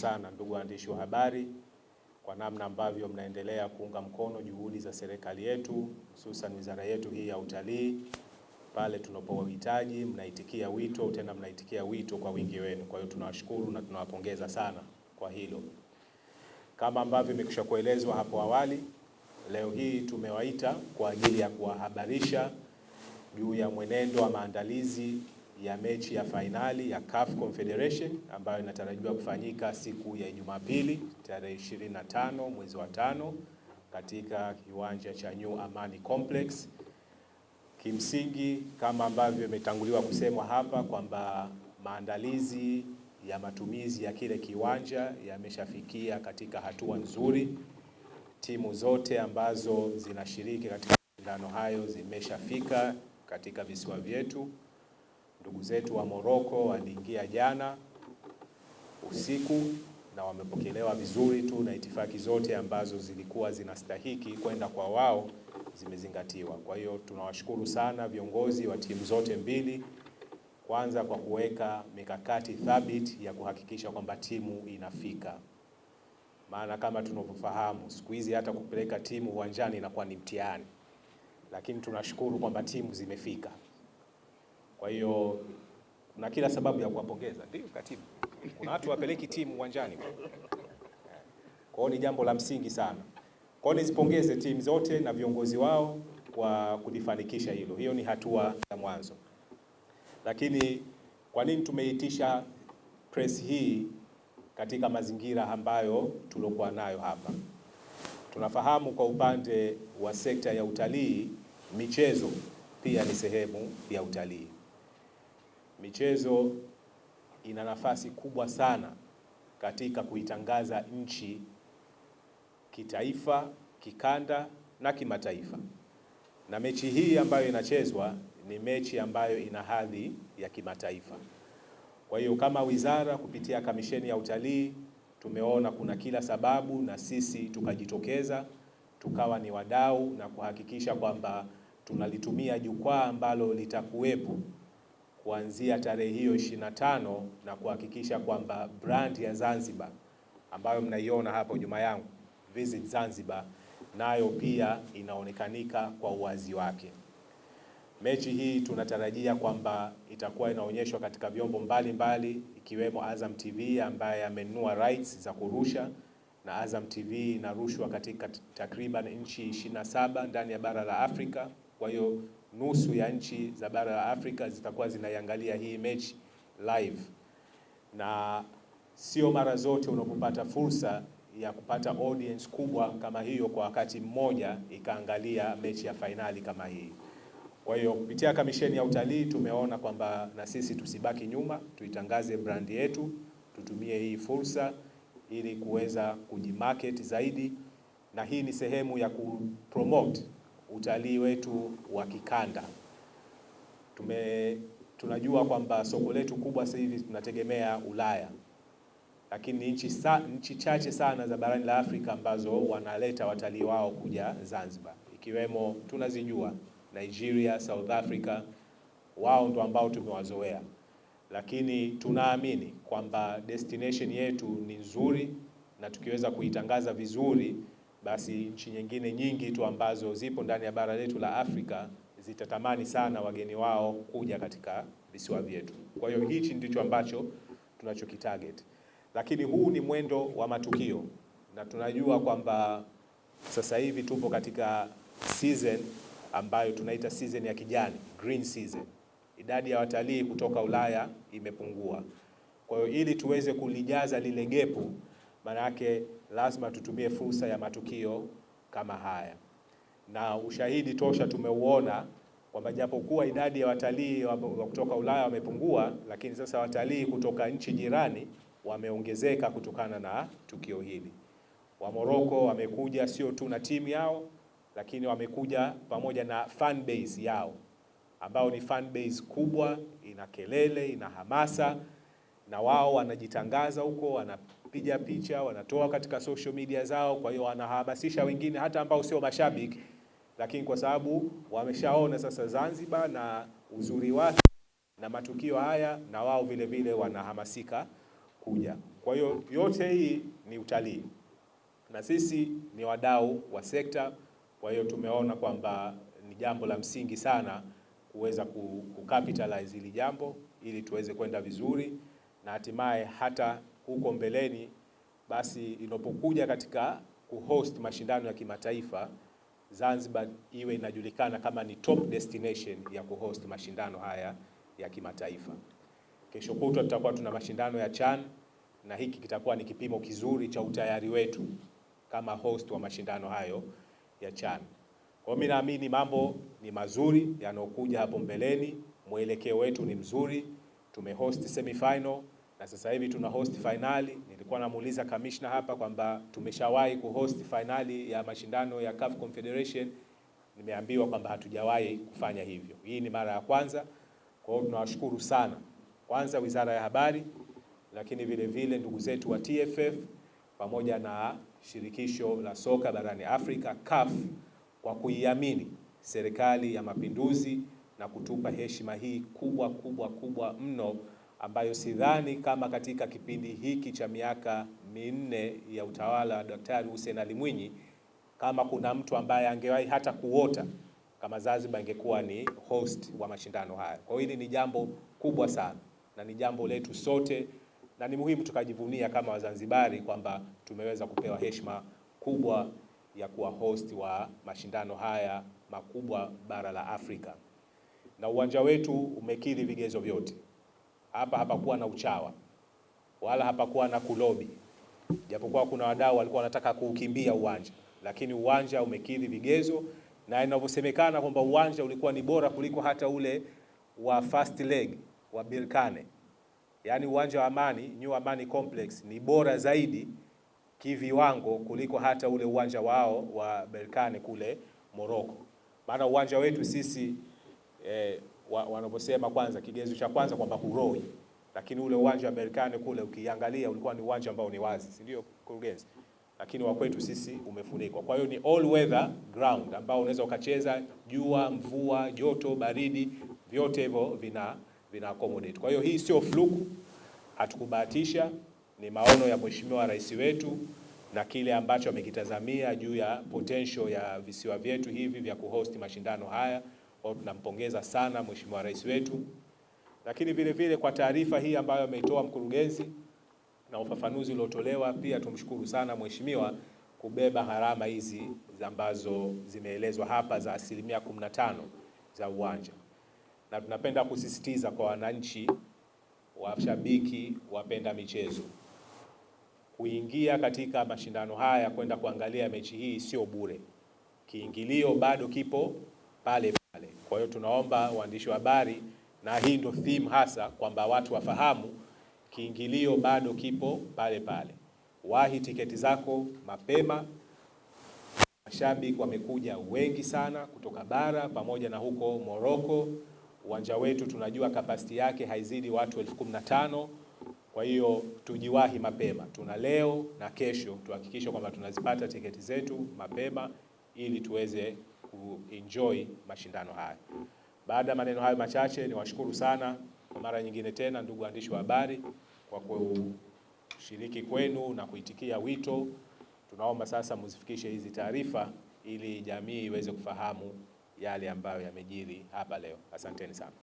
sana ndugu waandishi wa habari kwa namna ambavyo mnaendelea kuunga mkono juhudi za serikali yetu, hususan wizara yetu hii ya utalii. Pale tunapowahitaji mnaitikia wito, tena mnaitikia wito kwa wingi wenu. Kwa hiyo tunawashukuru na tunawapongeza sana kwa hilo. Kama ambavyo imekwisha kuelezwa hapo awali, leo hii tumewaita kwa ajili ya kuwahabarisha juu ya mwenendo wa maandalizi ya mechi ya fainali ya CAF Confederation ambayo inatarajiwa kufanyika siku ya Jumapili tarehe 25 mwezi wa tano katika kiwanja cha New Amani Complex. Kimsingi, kama ambavyo imetanguliwa kusemwa hapa kwamba maandalizi ya matumizi ya kile kiwanja yameshafikia katika hatua nzuri. Timu zote ambazo zinashiriki katika mashindano hayo zimeshafika katika visiwa vyetu. Ndugu zetu wa Moroko waliingia jana usiku na wamepokelewa vizuri tu, na itifaki zote ambazo zilikuwa zinastahiki kwenda kwa wao zimezingatiwa. Kwa hiyo tunawashukuru sana viongozi wa timu zote mbili, kwanza kwa kuweka mikakati thabiti ya kuhakikisha kwamba timu inafika, maana kama tunavyofahamu siku hizi hata kupeleka timu uwanjani inakuwa ni mtihani, lakini tunashukuru kwamba timu zimefika. Kwa hiyo na kila sababu ya kuwapongeza, ndio katibu, kuna watu wapeleki timu uwanjani. Kwa hiyo ni jambo la msingi sana. Kwa hiyo nizipongeze timu zote na viongozi wao kwa kulifanikisha hilo. Hiyo ni hatua ya mwanzo. Lakini kwa nini tumeitisha press hii katika mazingira ambayo tuliokuwa nayo hapa? Tunafahamu kwa upande wa sekta ya utalii, michezo pia ni sehemu ya utalii michezo ina nafasi kubwa sana katika kuitangaza nchi kitaifa, kikanda na kimataifa. Na mechi hii ambayo inachezwa ni mechi ambayo ina hadhi ya kimataifa. Kwa hiyo kama wizara kupitia kamisheni ya utalii tumeona kuna kila sababu na sisi tukajitokeza tukawa ni wadau na kuhakikisha kwamba tunalitumia jukwaa ambalo litakuwepo kuanzia tarehe hiyo 25 na kuhakikisha kwamba brand ya Zanzibar ambayo mnaiona hapo nyuma yangu, Visit Zanzibar, nayo pia inaonekanika kwa uwazi wake. Mechi hii tunatarajia kwamba itakuwa inaonyeshwa katika vyombo mbalimbali mbali, ikiwemo Azam TV ambaye amenunua rights za kurusha na Azam TV inarushwa katika takriban nchi 27 ndani ya bara la Afrika. Kwa hiyo nusu ya nchi za bara la Afrika zitakuwa zinaiangalia hii mechi live, na sio mara zote unapopata fursa ya kupata audience kubwa kama hiyo kwa wakati mmoja ikaangalia mechi ya fainali kama hii. Kwa hiyo kupitia kamisheni ya utalii tumeona kwamba na sisi tusibaki nyuma, tuitangaze brandi yetu, tutumie hii fursa ili kuweza kujimarket zaidi, na hii ni sehemu ya kupromote utalii wetu wa kikanda. Tume, tunajua kwamba soko letu kubwa sasa hivi tunategemea Ulaya, lakini nchi, sa, nchi chache sana za barani la Afrika ambazo wanaleta watalii wao kuja Zanzibar ikiwemo tunazijua Nigeria, South Africa, wao ndo ambao tumewazoea, lakini tunaamini kwamba destination yetu ni nzuri na tukiweza kuitangaza vizuri basi nchi nyingine nyingi tu ambazo zipo ndani ya bara letu la Afrika zitatamani sana wageni wao kuja katika visiwa vyetu. Kwa hiyo hichi ndicho ambacho tunachokitarget, lakini huu ni mwendo wa matukio, na tunajua kwamba sasa hivi tupo katika season ambayo tunaita season ya kijani, green season. Idadi ya watalii kutoka Ulaya imepungua. Kwa hiyo ili tuweze kulijaza lile gepu Manake lazima tutumie fursa ya matukio kama haya, na ushahidi tosha tumeuona kwamba japokuwa idadi ya watalii wa kutoka Ulaya wamepungua, lakini sasa watalii kutoka nchi jirani wameongezeka kutokana na tukio hili. Wa Morocco wamekuja sio tu na timu yao, lakini wamekuja pamoja na fan base yao, ambao ni fan base kubwa, ina kelele, ina hamasa na wao wanajitangaza huko, wanapiga picha, wanatoa katika social media zao. Kwa hiyo wanahamasisha wengine hata ambao sio mashabiki, lakini kwa sababu wameshaona sasa Zanzibar na uzuri wake na matukio haya, na wao vile vile wanahamasika kuja. Kwa hiyo yote hii ni utalii na sisi ni wadau wa sekta. Kwa hiyo tumeona kwamba ni jambo la msingi sana kuweza kucapitalize hili jambo ili tuweze kwenda vizuri na hatimaye hata huko mbeleni basi inapokuja katika kuhost mashindano ya kimataifa Zanzibar iwe inajulikana kama ni top destination ya kuhost mashindano haya ya kimataifa. Kesho kutwa tutakuwa tuna mashindano ya CHAN na hiki kitakuwa ni kipimo kizuri cha utayari wetu kama host wa mashindano hayo ya CHAN. Kwa mimi naamini mambo ni mazuri yanayokuja hapo mbeleni, mwelekeo wetu ni mzuri. Tumehost semifinal na sasa hivi tuna host finali. Nilikuwa namuuliza kamishna hapa kwamba tumeshawahi kuhost finali ya mashindano ya CAF Confederation, nimeambiwa kwamba hatujawahi kufanya hivyo. Hii ni mara ya kwanza. Kwa hiyo tunawashukuru sana, kwanza Wizara ya Habari, lakini vile vile ndugu zetu wa TFF pamoja na shirikisho la soka barani Afrika CAF kwa kuiamini Serikali ya Mapinduzi na kutupa heshima hii kubwa kubwa kubwa mno ambayo sidhani kama katika kipindi hiki cha miaka minne ya utawala wa Daktari Hussein Ali Mwinyi kama kuna mtu ambaye angewahi hata kuota kama Zanzibar ingekuwa ni host wa mashindano haya. Kwa hiyo hili ni jambo kubwa sana na ni jambo letu sote na ni muhimu tukajivunia kama Wazanzibari kwamba tumeweza kupewa heshima kubwa ya kuwa host wa mashindano haya makubwa bara la Afrika, na uwanja wetu umekidhi vigezo vyote. Hapa hapakuwa na uchawa wala hapakuwa na kulobi, japokuwa kuna wadau walikuwa wanataka kuukimbia uwanja, lakini uwanja umekidhi vigezo, na inavyosemekana kwamba uwanja ulikuwa ni bora kuliko hata ule wa first leg wa birkane yaani uwanja wa Amani, New Amani Complex ni bora zaidi kiviwango kuliko hata ule uwanja wao wa Berkane kule Morocco. Maana uwanja wetu sisi eh, wanaposema kwanza, kigezo cha kwanza kwamba huroi, lakini ule uwanja wa Berkane kule ukiangalia ulikuwa ni uwanja ambao ni wazi, si ndio kurugenzi? Lakini wa kwetu sisi umefunikwa. Kwa hiyo ni all weather ground ambao unaweza ukacheza jua, mvua, joto, baridi, vyote hivyo vina vina accommodate. Kwa hiyo hii sio fluku, hatukubahatisha, ni maono ya Mheshimiwa Rais wetu na kile ambacho amekitazamia juu ya potential ya visiwa vyetu hivi vya kuhost mashindano haya tunampongeza sana Mheshimiwa Rais wetu, lakini vile vile kwa taarifa hii ambayo ameitoa mkurugenzi na ufafanuzi uliotolewa, pia tumshukuru sana mheshimiwa kubeba gharama hizi ambazo zimeelezwa hapa za asilimia 15 za uwanja, na tunapenda kusisitiza kwa wananchi, washabiki, wapenda michezo kuingia katika mashindano haya kwenda kuangalia mechi hii sio bure. Kiingilio bado kipo pale pale. Kwa hiyo tunaomba waandishi wa habari, na hii ndio theme hasa, kwamba watu wafahamu kiingilio bado kipo pale pale. Wahi tiketi zako mapema. Mashabiki wamekuja wengi sana kutoka bara pamoja na huko Moroko. Uwanja wetu tunajua kapasiti yake haizidi watu elfu kumi na tano. Kwa hiyo tujiwahi mapema, tuna leo na kesho, tuhakikishe kwamba tunazipata tiketi zetu mapema ili tuweze kuenjoy mashindano haya. Baada ya maneno hayo machache, niwashukuru sana kwa mara nyingine tena, ndugu waandishi wa habari, kwa kushiriki kwenu na kuitikia wito. Tunaomba sasa muzifikishe hizi taarifa ili jamii iweze kufahamu yale ambayo yamejiri hapa leo. Asanteni sana.